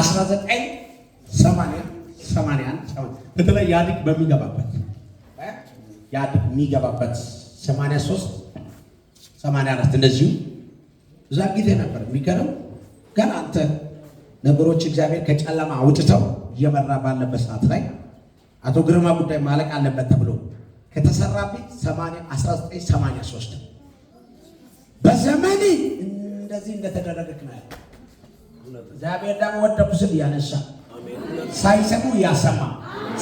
1981 በተለይ ኢህአዴግ በሚገባበት ኢህአዴግ የሚገባበት 83 84 እንደዚሁ እዛ ጊዜ ነበር የሚገርም ገና አንተ ነገሮች እግዚአብሔር ከጨለማ አውጥተው እየመራ ባለበት ሰዓት ላይ አቶ ግርማ ጉዳይ ማለቅ አለበት ተብሎ ከተሰራብኝ 1983 በዘመኔ እንደዚህ እንደተደረገ ነው እግዚአብሔር ደግሞ ወደቁ ስል ያነሳ፣ ሳይሰሙ ያሰማ፣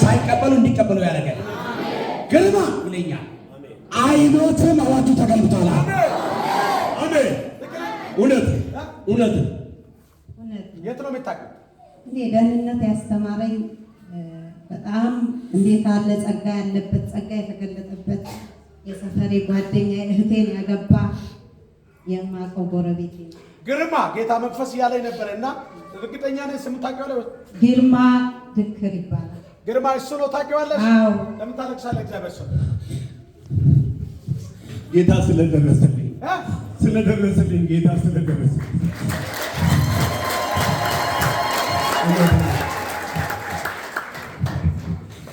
ሳይቀበሉ እንዲቀበሉ ያደረገ ግርማ ይለኛል። አይሞትም። አዋጁ ተገልብጧል። አሜን። እውነት እውነት የት ነው የምታውቀው? እኔ ደህንነት ያስተማረኝ በጣም እንዴት አለ ጸጋ ያለበት ጸጋ የተገለጠበት የሰፈሬ ጓደኛ እህቴን ያገባ የማውቀው ጎረቤቴ ግርማ ጌታ መንፈስ እያለ ነበረ እና እርግጠኛ ነኝ ስም ታውቂዋለሽ። ግርማ ድክር ይባላል። ግርማ እሱ ነው ታውቂዋለሽ። ለምን ታለቅሻለሽ? እግዚአብሔር ሰው ጌታ ስለደረሰልኝ ስለደረሰልኝ ጌታ ስለደረሰልኝ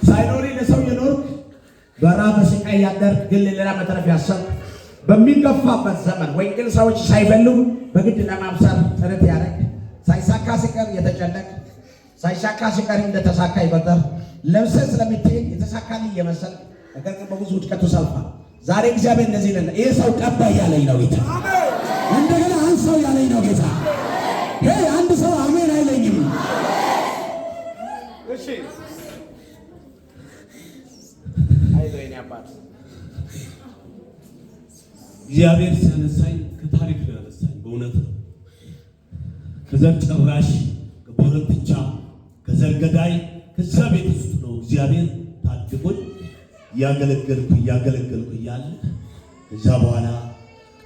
ሳይኖሪ ለሰው የኖርክ በራ በስቃይ ያደር ግን ሌላ መተረፍ ያሰብ በሚገፋበት ዘመን ወንጌል ሰዎች ሳይፈልጉ በግድ ለማምሳል ጥረት ያደረግ ሳይሳካ ሲቀር የተጨነቅ ሳይሳካ ሲቀር እንደተሳካ ይበጠር ለብሰህ ስለምትሄድ የተሳካል እየመሰል ነገር ግን በብዙ ውድቀቱ ሰልፋ ዛሬ እግዚአብሔር እንደዚህ ይህ ሰው ቀባ እያለኝ ነው ይታ እግዚአብሔር ሲያነሳኝ ከታሪክ ነው ያነሳኝ፣ በእውነት ነው። ከዘር ጨራሽ፣ ከቦረትቻ፣ ከዘር ገዳይ ከዛ ቤት ውስጥ ነው እግዚአብሔር ታድጎኝ እያገለገልኩ እያገለገልኩ እያለ ከዛ በኋላ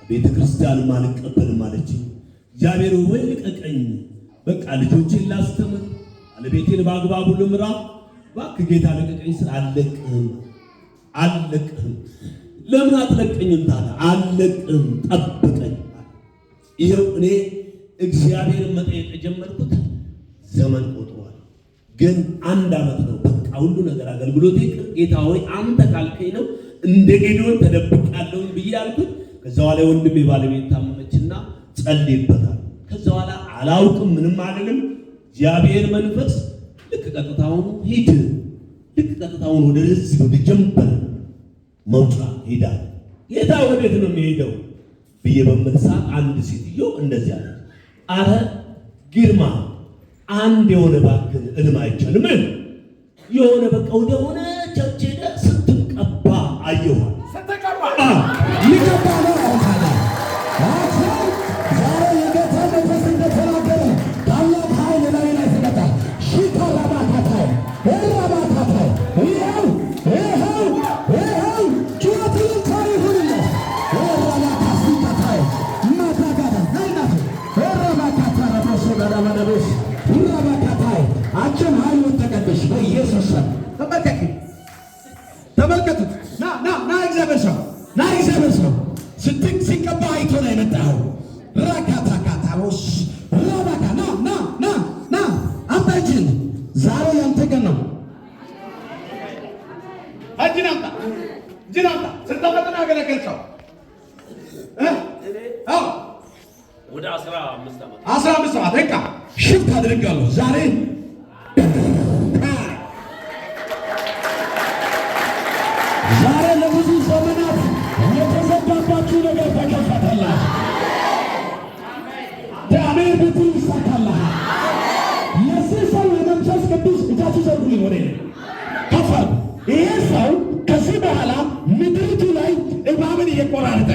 ቤተ ክርስቲያንም አልቀበልም አለችኝ። እግዚአብሔር ወይ ልቀቀኝ፣ በቃ ልጆቼን ላስተምር፣ ባለቤቴን በአግባቡ ልምራ፣ እባክህ ጌታ ልቀቀኝ ስል አልለቅህም አልለቅህም። ለምን አትለቀኝም ታዲያ? አልለቅህም፣ ጠብቀኝ። ይኸው እኔ እግዚአብሔርን መጠየቅ የጀመርኩት ዘመን ቆጥሯል፣ ግን አንድ ዓመት ነው። በቃ ሁሉ ነገር አገልግሎቴ ጌታ ሆይ አንተ ካልከኝ ነው እንደ ጌዲዮን ተደብቄያለሁኝ ብዬ አልኩኝ። ከዛ በኋላ ወንድሜ ባለቤት ታመመችና ጸልይበታል። ከዛ በኋላ አላውቅም፣ ምንም አልልም። እግዚአብሔር መንፈስ ልክ ቀጥታውን ሂድ ልክ ቀጥታውን ወደ ህዝብ ጀንበር መውጫ ሄዳ ጌታ ወዴት ነው የሚሄደው ብዬ በምል አንድ ሴትዮ እንደዚህ አለ፣ አረ ግርማ አንድ የሆነ ባክን እልም አይቻልም። ምን የሆነ በቃ ወደሆነ እንጂ ናምጣ ስንተፈጥን ያገለገልከው ወደ አስራ አምስት ዓመት በቃ ሽፍት አድርጋለሁ ዛሬ ዛሬ ለብዙ ዘመናት የተዘጋባችሁ ነገር ተከፈተላችሁ። ቅዱስ እጃችሁ ከዚህ በኋላ ምድርቱ ላይ እባብን እየቆራረጠ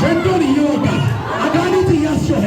ዘንዶን እየወጋ አጋኒት እያስሆሄ